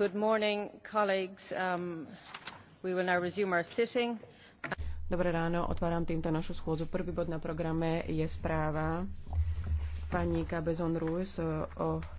Um, Dobré ráno, otváram týmto našu schôdzu. Prvý bod na programe je správa pani cabezón Ruiz eh, o